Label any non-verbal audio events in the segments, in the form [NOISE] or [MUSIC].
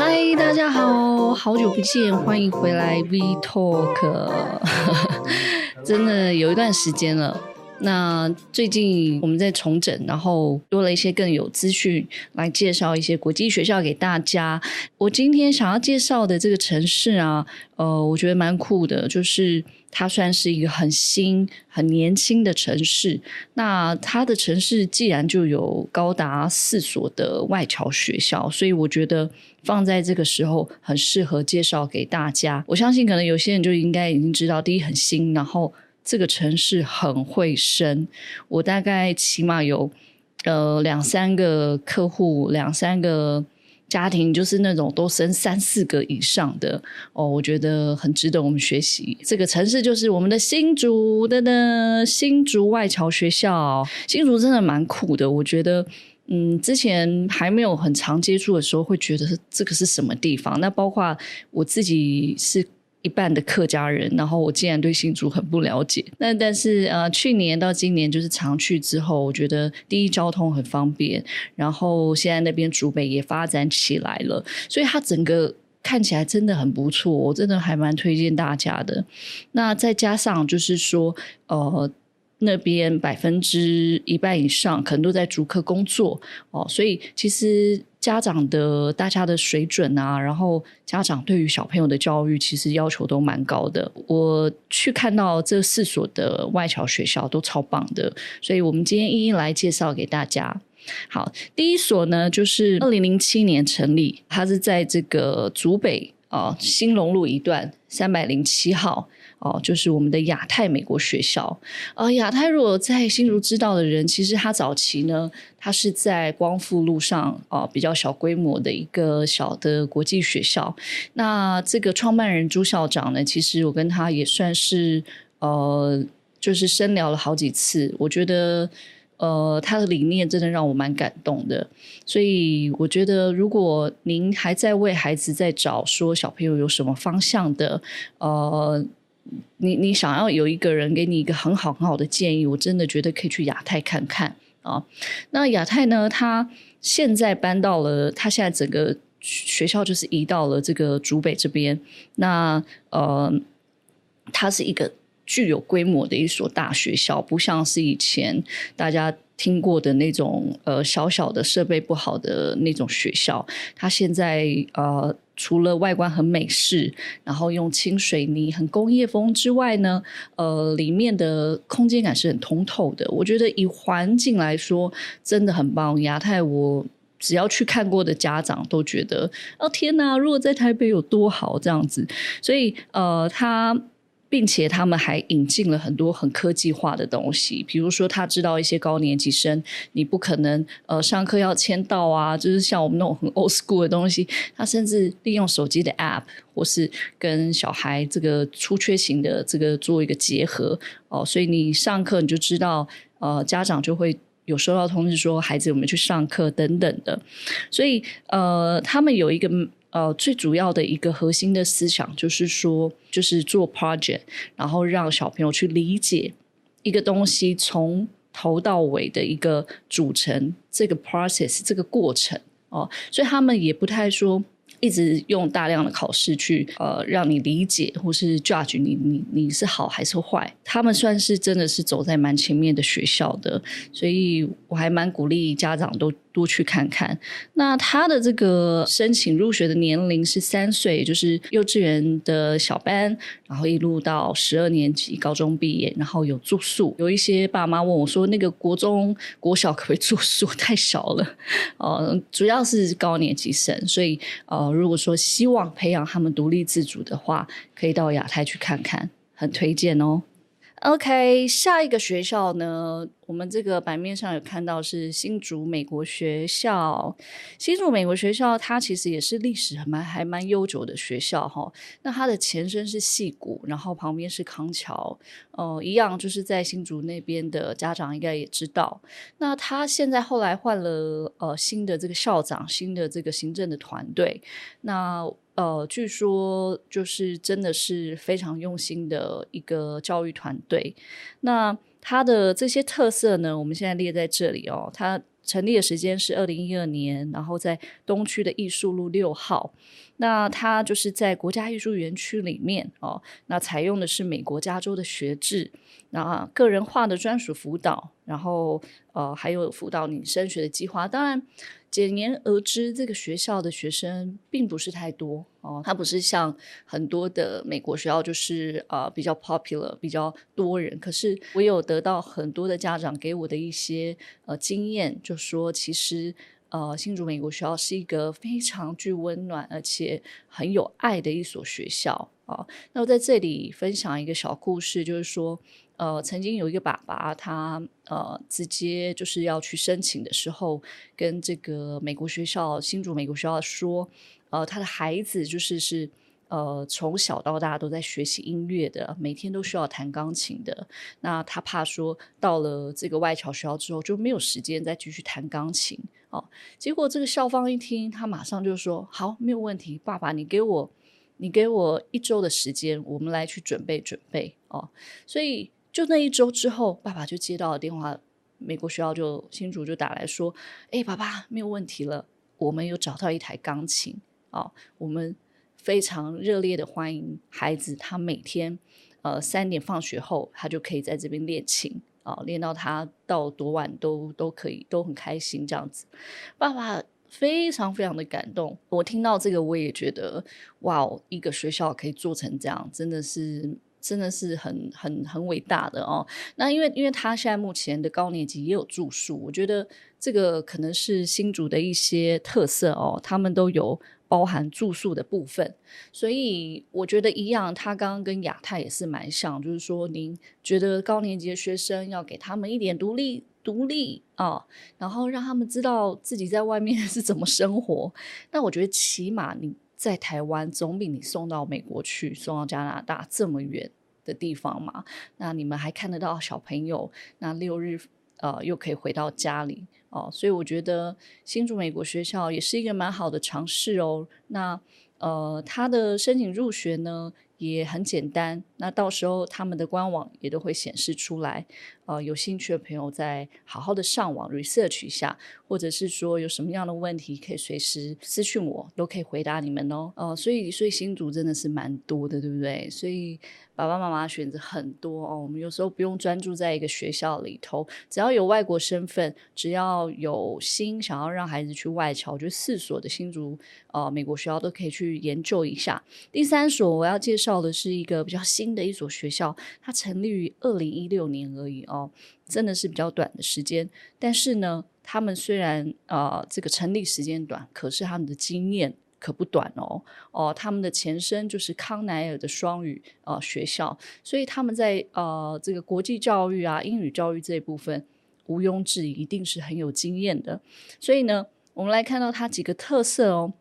嗨，Hi, 大家好，好久不見，歡迎回來。V Talk， [LAUGHS] 真的有一段時間了。那最近我們在重整，然後多了一些更有資訊來介紹一些國際學校給大家。我今天想要介紹的這個城市啊，呃，我覺得蠻酷的，就是它算是一個很新、很年輕的城市。那它的城市既然就有高達四所的外僑學校，所以我覺得。放在這個時候很適合介紹給大家。我相信可能有些人就應該已經知道，第一很新，然後這個城市很會生。我大概起碼有呃兩三個客戶，兩三個家庭，就是那種都生三四個以上的哦，我覺得很值得我們學習。這個城市就是我們的新竹的呢，新竹外僑學校，新竹真的蠻酷的，我覺得。嗯，之前還沒有很常接觸的時候，會覺得這個是什麼地方？那包括我自己是一半的客家人，然後我竟然對新竹很不了解。那但是呃，去年到今年就是常去之後，我覺得第一交通很方便，然後現在那邊竹北也發展起來了，所以它整個看起來真的很不錯。我真的還蠻推薦大家的。那再加上就是說呃。那邊百分之一半以上，可能都在竹科工作哦，所以其實家長的大家的水準啊，然後家長對於小朋友的教育其實要求都蠻高的。我去看到這四所的外僑學校都超棒的，所以我們今天一一來介紹給大家。好，第一所呢就是二零零七年成立，它是在這個竹北啊、哦、興隆路一段三百零七號。哦，就是我們的亞太美國學校，呃，亞太如果在新竹知道的人，其實他早期呢，他是在光復路上哦，呃，比較小規模的一個小的國際學校。那這個創辦人朱校長呢，其實我跟他也算是呃，就是深聊了好幾次。我覺得呃，他的理念真的讓我蠻感動的。所以我覺得，如果您還在為孩子在找說小朋友有什麼方向的，呃。你你想要有一個人給你一個很好很好的建議，我真的覺得可以去亞太看看啊。那亞太呢，它現在搬到了，它現在整個學校就是移到了這個竹北這邊。那呃，它是一個具有規模的一所大學校，不像是以前大家聽過的那種呃小小的、設備不好的那種學校。它現在呃。除了外觀很美式，然後用清水泥很工業風之外呢，呃，裡面的空間感是很通透的。我覺得以環境來說真的很棒，亞太我只要去看過的家長都覺得，哦天哪，如果在台北有多好這樣子。所以呃，他。並且他們還引進了很多很科技化的東西，比如說他知道一些高年級生，你不可能呃上課要簽到啊，就是像我們那種很 old school 的東西。他甚至利用手機的 app，或是跟小孩這個出缺勤的這個做一個結合哦，呃，所以你上課你就知道，呃，家長就會有收到通知說孩子有沒有去上課等等的。所以呃，他們有一個。呃，最主要的一個核心的思想就是說，就是做 project，然後讓小朋友去理解一個東西從頭到尾的一個組成，這個 process 這個過程哦，呃，所以他們也不太說。一直用大量的考試去呃，讓你理解或是 judge 你你你是好還是壞，他們算是真的是走在蠻前面的學校的，所以我還蠻鼓勵家長都多去看看。那他的這個申請入學的年齡是三歲，就是幼稚園的小班，然後一路到十二年級高中畢業，然後有住宿。有一些爸媽問我說，那個國中國小可不可以住宿？太小了，呃，主要是高年級生，所以呃，如果說希望培養他們獨立自主的話，可以到亞太去看看，很推薦哦。OK，下一個學校呢？我們這個版面上有看到是新竹美國學校。新竹美國學校它其實也是歷史還蠻還蠻悠久的學校哈、哦。那它的前身是戲谷，然後旁邊是康橋，呃，一樣就是在新竹那邊的家長應該也知道。那他現在後來換了呃新的這個校長，新的這個行政的團隊，那。呃，據說就是真的是非常用心的一個教育團隊，那他的這些特色呢，我們現在列在這裡哦，他。成立的時間是二零一二年，然後在東區的藝術路六號。那它就是在國家藝術園區裡面哦。那採用的是美國加州的學制，那啊，個人化的專屬輔導，然後呃，還有輔導你升學的計劃。當然，簡言而之，這個學校的學生並不是太多哦。它不是像很多的美國學校，就是呃比較 popular，比較多人。可是我有得到很多的家長給我的一些呃經驗，就是。說其實，呃，新竹美國學校是一個非常具溫暖而且很有愛的一所學校啊，呃。那我在這裡分享一個小故事，就是說，呃，曾經有一個爸爸他，他呃直接就是要去申請的時候，跟這個美國學校新竹美國學校說，呃，他的孩子就是是。呃，從小到大都在學習音樂的，每天都需要彈鋼琴的。那他怕說到了這個外僑學校之後就沒有時間再繼續彈鋼琴。哦，結果這個校方一聽，他馬上就說：“好，沒有問題，爸爸，你給我，你給我一周的時間，我們來去準備準備。”哦，所以就那一周之後，爸爸就接到了電話，美國學校就新竹就打來說：“哎，爸爸，沒有問題了，我們有找到一台鋼琴。”哦，我們，非常熱烈的歡迎孩子，他每天呃三點放學後，他就可以在這邊練琴啊，練、呃、練到他到多晚都都可以，都很開心這樣子。爸爸非常非常的感動，我聽到這個我也覺得哇，一個學校可以做成這樣，真的是真的是很很很偉大的哦。那因為因為他現在目前的高年級也有住宿，我覺得這個可能是新竹的一些特色哦，他們都有。包含住宿的部分，所以我覺得一樣，他剛剛跟亞太也是蠻像，就是說，您覺得高年級的學生要給他們一點獨立，獨立啊、哦，然後讓他們知道自己在外面是怎麼生活。那我覺得，起碼你在台灣總比你送到美國去、送到加拿大這麼遠的地方嘛。那你們還看得到小朋友，那六日呃又可以回到家裡。哦，所以我覺得新竹美國學校也是一個蠻好的嘗試哦。那呃，他的申請入學呢也很簡單，那到時候他們的官網也都會顯示出來。呃，有興趣的朋友再好好的上網 research 一下，或者是說有什麼樣的問題，可以隨時私訊我，都可以回答你們哦。呃，所以所以新竹真的是蠻多的，對不對？所以。爸爸媽媽選擇很多哦，我們有時候不用專注在一個學校裡頭，只要有外國身份，只要有心想要讓孩子去外僑，我覺得四所的新竹呃美國學校都可以去研究一下。第三所我要介紹的是一個比較新的一所學校，它成立於二零一六年而已哦，真的是比較短的時間。但是呢，他們雖然呃這個成立時間短，可是他們的經驗。可不短哦。哦、呃，他們的前身就是康乃爾的雙語啊、呃、學校，所以他們在呃這個國際教育啊、英語教育這一部分，毋庸置疑一定是很有經驗的。所以呢，我們來看到它幾個特色哦，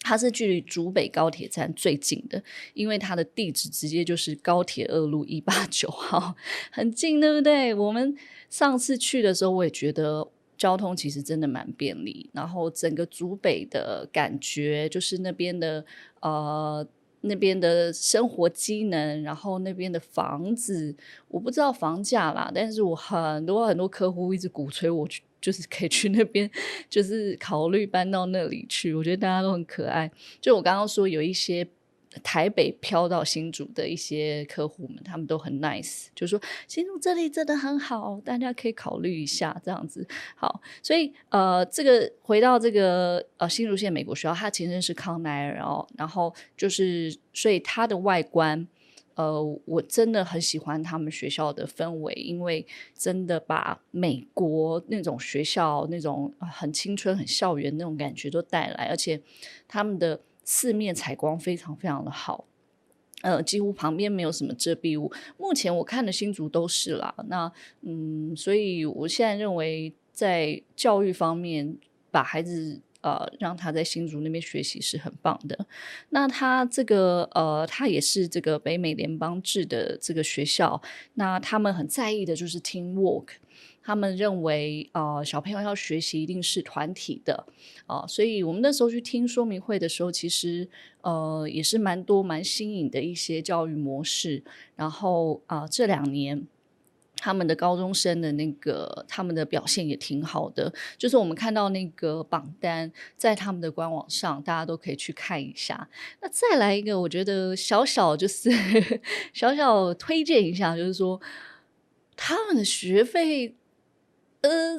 它是距離竹北高鐵站最近的，因為它的地址直接就是高鐵二路一八九號，很近，對不對？我們上次去的時候，我也覺得。交通其實真的蠻便利，然後整個竹北的感覺，就是那邊的呃，那邊的生活機能，然後那邊的房子，我不知道房價啦，但是我很多很多客戶一直鼓吹我去，就是可以去那邊，就是考慮搬到那裡去。我覺得大家都很可愛，就我剛剛說有一些。台北飄到新竹的一些客戶們，他們都很 nice，就說新竹這裡真的很好，大家可以考慮一下這樣子。好，所以呃，這個回到這個呃新竹縣美國學校，它前身是康奈爾哦，然後就是所以它的外觀，呃，我真的很喜歡他們學校的氛圍，因為真的把美國那種學校那種很青春、很校園那種感覺都帶來，而且他們的四面採光非常非常的好，呃，幾乎旁邊沒有什麼遮蔽物，目前我看的新竹都是啦，那嗯，所以我現在認為在教育方面，把孩子呃讓他在新竹那邊學習是很棒的。那他這個呃，他也是這個北美聯邦制的這個學校，那他們很在意的就是 teamwork。他們認為，呃，小朋友要學習一定是團體的，啊、呃，所以我們那時候去聽說明會的時候，其實，呃，也是蠻多蠻新穎的一些教育模式。然後啊、呃，這兩年他們的高中生的那個他們的表現也挺好的，就是我們看到那個榜單在他們的官網上，大家都可以去看一下。那再來一個，我覺得小小就是小小推薦一下，就是說他們的學費。呃，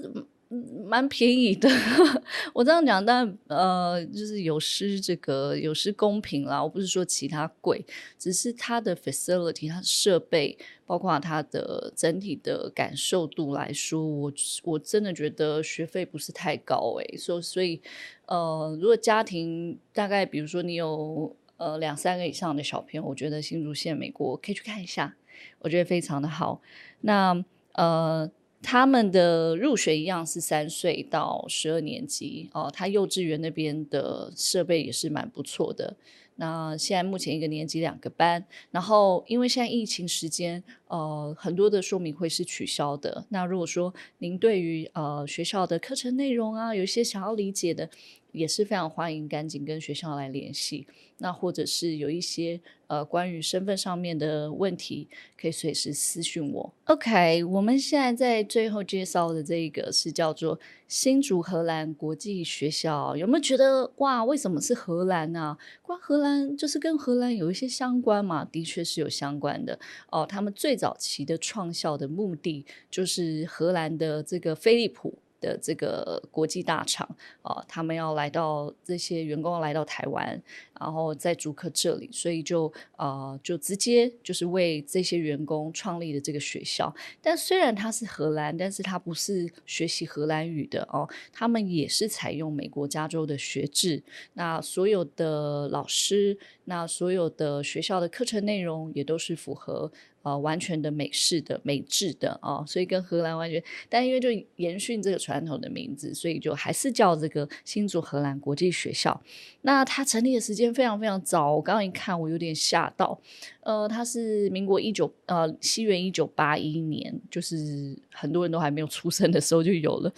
蠻、嗯、便宜的。呵呵，我這樣講，但呃，就是有失這個有失公平啦。我不是說其他貴，只是它的 facility、它的設備，包括它的整體的感受度來說，我我真的覺得學費不是太高，欸。誒，所所以呃，如果家庭大概比如說你有呃兩三個以上的小朋友，我覺得新竹縣美國可以去看一下，我覺得非常的好。那呃。他們的入學一樣是三歲到十二年級哦，呃，他幼稚園那邊的設備也是蠻不錯的。那現在目前一個年級兩個班，然後因為現在疫情時間，呃，很多的說明會是取消的。那如果說您對於呃學校的課程內容啊，有一些想要理解的。也是非常歡迎，趕緊跟學校來聯繫。那或者是有一些呃關於身份上面的問題，可以隨時私訊我。OK，我們現在在最後介紹的這個是叫做新竹荷蘭國際學校。有沒有覺得哇，為什麼是荷蘭呢？啊，光荷蘭就是跟荷蘭有一些相關嘛，的確是有相關的哦。他們最早期的創校的目的就是荷蘭的這個飛利浦。的這個國際大廠啊、呃,他們要來到這些員工要來到台灣，然後在竹科這裡，所以就啊、呃，就直接就是為這些員工創立的這個學校。但雖然他是荷蘭，但是他不是學習荷蘭語的哦，他們也是採用美國加州的學制，那所有的老師。那所有的學校的課程內容也都是符合呃完全的美式的美製的啊、哦，所以跟荷蘭完全，但因為就延續這個傳統的名字，所以就還是叫這個新竹荷蘭國際學校。那它成立的時間非常非常早，我剛剛一看我有點嚇到，呃，它是民國一九呃西元一九八一年，就是很多人都還沒有出生的時候就有了。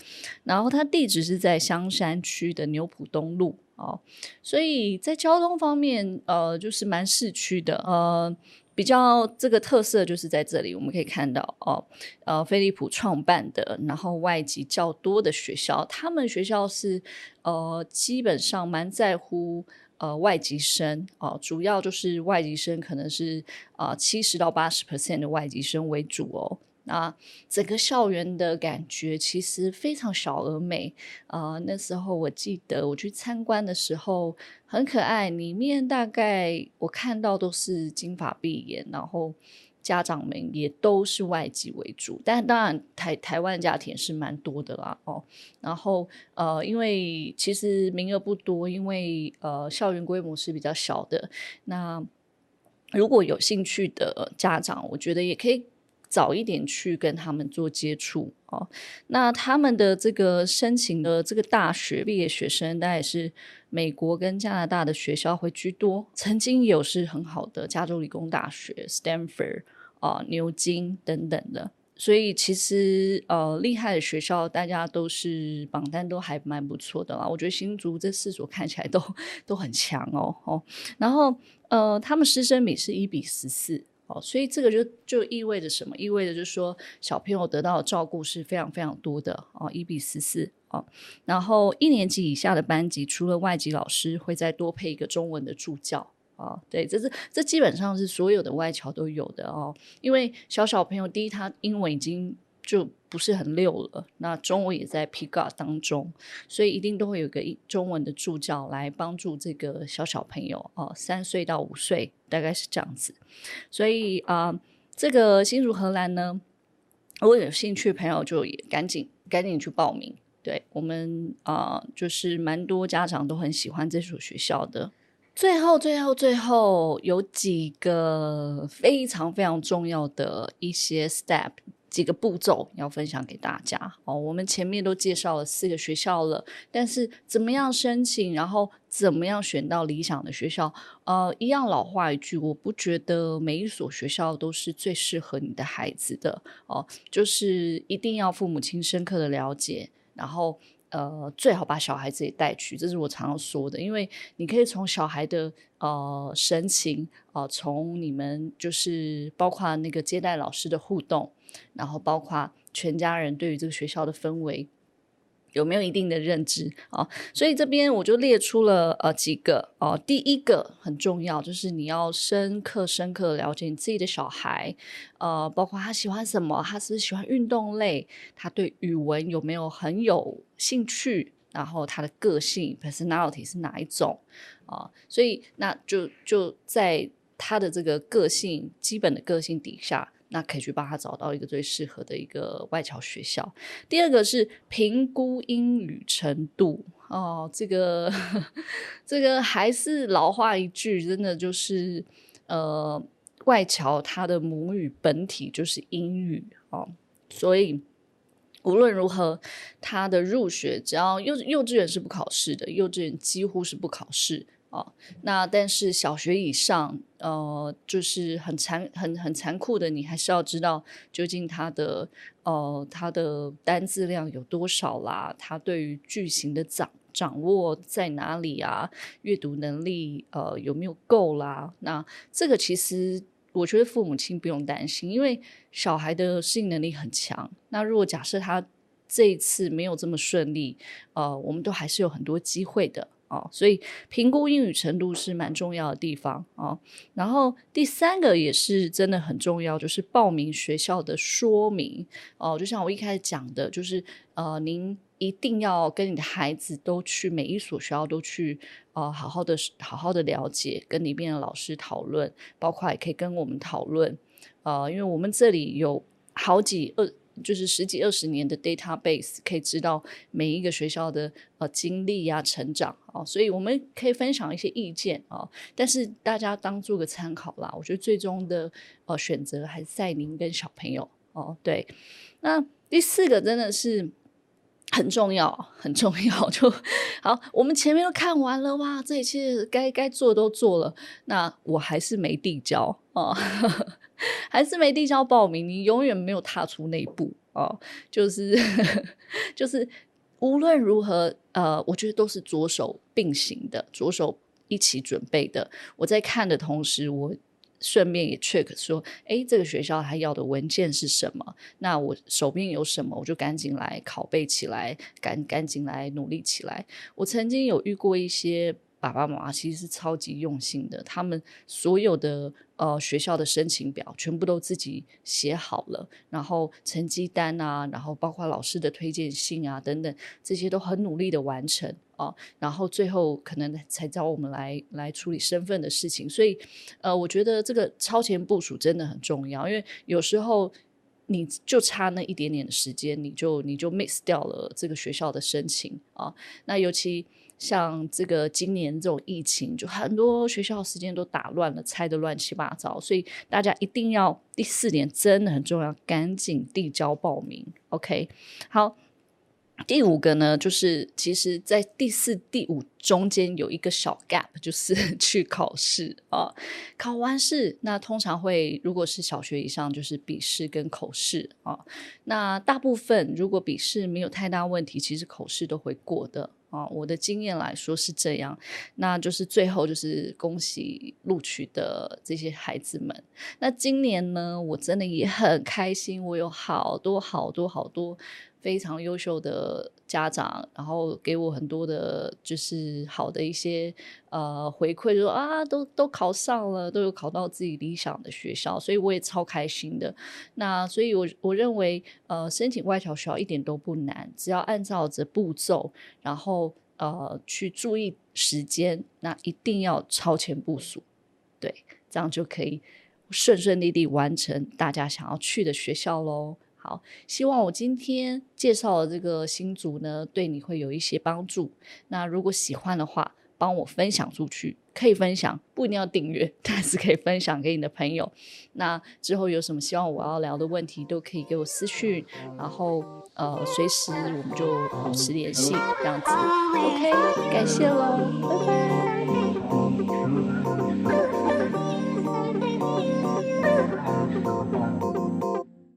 然後它地址是在香山區的牛埔東路。哦，所以在交通方面，呃，就是蠻市區的，呃，比較這個特色就是在這裡，我們可以看到哦，呃，飛利浦創辦的，然後外籍較多的學校，他們學校是呃，基本上蠻在乎呃外籍生哦，呃，主要就是外籍生可能是啊七十到八十 percent 的外籍生為主哦。啊，整個校園的感覺其實非常小而美啊，呃，那時候我記得我去參觀的時候很可愛，裡面大概我看到都是金髮碧眼，然後家長們也都是外籍為主，但當然台台灣家庭是蠻多的啦哦。然後呃，因為其實名額不多，因為呃校園規模是比較小的。那如果有興趣的家長，我覺得也可以。早一點去跟他們做接觸哦。那他們的這個申請的這個大學畢業學生，大概是美國跟加拿大的學校會居多。曾經有是很好的加州理工大學、Stanford 啊、呃、牛津等等的。所以其實呃，厲害的學校大家都是榜單都還蠻不錯的啦。我覺得新竹這四所看起來都都很強哦。哦，然後呃，他們師生比是一比十四。哦，所以這個就就意味着什麼？意味着就是說，小朋友得到的照顧是非常非常多的哦，一比十四哦，然後一年級以下的班級，除了外籍老師，會再多配一個中文的助教哦，對，這是這基本上是所有的外僑都有的哦，因為小小朋友第一他英文已經。就不是很溜了。那中文也在 p i g o 當中，所以一定都會有個中文的助教來幫助這個小小朋友哦，三、呃、歲到五歲大概是這樣子。所以啊、呃，這個新竹荷蘭呢，如果有興趣的朋友就也趕緊趕緊去報名。對，我們啊、呃，就是蠻多家長都很喜歡這所學校的。最後，最後，最後有幾個非常非常重要的一些 step。幾個步驟要分享給大家哦。我們前面都介紹了四個學校了，但是怎麼樣申請，然後怎麼樣選到理想的學校？呃，一樣老話一句，我不覺得每一所學校都是最適合你的孩子的哦，就是一定要父母親深刻的了解，然後。呃，最好把小孩子也帶去，這是我常常說的，因為你可以從小孩的呃神情，呃，從你們就是包括那個接待老師的互動，然後包括全家人對於這個學校的氛圍。有沒有一定的認知啊？哦，所以這邊我就列出了呃幾個哦，呃，第一個很重要，就是你要深刻深刻了解你自己的小孩，呃，包括他喜歡什麼，他是喜歡運動類，他對語文有沒有很有興趣，然後他的個性 （personality） 是哪一種啊？呃，所以那就就在他的這個個性基本的個性底下。那可以去幫他找到一個最適合的一個外僑學校。第二個是評估英語程度哦，這個，這個還是老話一句，真的就是，呃，外僑他的母語本體就是英語哦，所以，無論如何他的入學，只要幼幼稚園是不考試的，幼稚園幾乎是不考試。哦，那但是小學以上，呃，就是很殘、很很殘酷的，你還是要知道究竟他的呃他的單字量有多少啦，他對於句型的掌掌握在哪裡啊，閱讀能力呃有沒有夠啦？那這個其實我覺得父母親不用擔心，因為小孩的適應能力很強。那如果假設他這一次沒有這麼順利，呃，我們都還是有很多機會的。哦，所以評估英語程度是蠻重要的地方哦。然後第三個也是真的很重要，就是報名學校的說明哦。就像我一開始講的，就是呃，您一定要跟你的孩子都去每一所學校都去，呃，好好的，好好的了解，跟裡面的老師討論，包括也可以跟我們討論。呃，因為我們這裡有好幾二。就是十幾二十年的 database，可以知道每一個學校的呃經歷啊、成長啊、哦，所以我們可以分享一些意見啊、哦，但是大家當做個參考啦。我覺得最終的呃選擇還是在您跟小朋友哦。對，那第四個真的是很重要，很重要。就好，我們前面都看完了哇，這一切該該做都做了，那我還是沒遞交哦。 [LAUGHS] 還是沒遞交報名，你永遠沒有踏出那一步哦。就是就是，無論如何，呃，我覺得都是左手並行的，左手一起準備的。我在看的同時，我順便也 check 說，哎，這個學校還要的文件是什麼？那我手邊有什麼，我就趕緊來拷貝起來，趕，趕緊來努力起來。我曾經有遇過一些。爸爸媽媽其實是超級用心的，他們所有的呃學校的申請表全部都自己寫好了，然後成績單啊，然後包括老師的推薦信啊等等，這些都很努力的完成啊，然後最後可能才找我們來來處理身份的事情，所以呃，我覺得這個超前部署真的很重要，因為有時候你就差那一點點的時間，你就你就 miss 掉了這個學校的申請啊，那尤其。像這個今年這種疫情，就很多學校時間都打亂了，拆得亂七八糟，所以大家一定要第四年真的很重要，趕緊遞交報名。OK，好。第五個呢，就是其實，在第四、第五中間有一個小 gap，就是去考試啊、哦。考完試，那通常會如果是小學以上，就是筆試跟口試啊、哦。那大部分如果筆試沒有太大問題，其實口試都會過的。啊、哦，我的經驗來說是這樣，那就是最後就是恭喜錄取的這些孩子們。那今年呢，我真的也很開心，我有好多好多好多非常優秀的。家長，然後給我很多的，就是好的一些呃回饋，就說啊，都都考上了，都有考到自己理想的學校，所以我也超開心的。那所以我，我我認為，呃，申請外僑學校一點都不難，只要按照着步驟，然後呃去注意時間，那一定要超前部署，對，這樣就可以順順利利完成大家想要去的學校嘍。好，希望我今天介紹的這個新竹呢，對你會有一些幫助。那如果喜歡的話，幫我分享出去，可以分享，不一定要訂閱，但是可以分享給你的朋友。那之後有什麼希望我要聊的問題，都可以給我私訊，然後呃，隨時我們就保持聯繫，這樣子。OK，感謝囉，拜拜。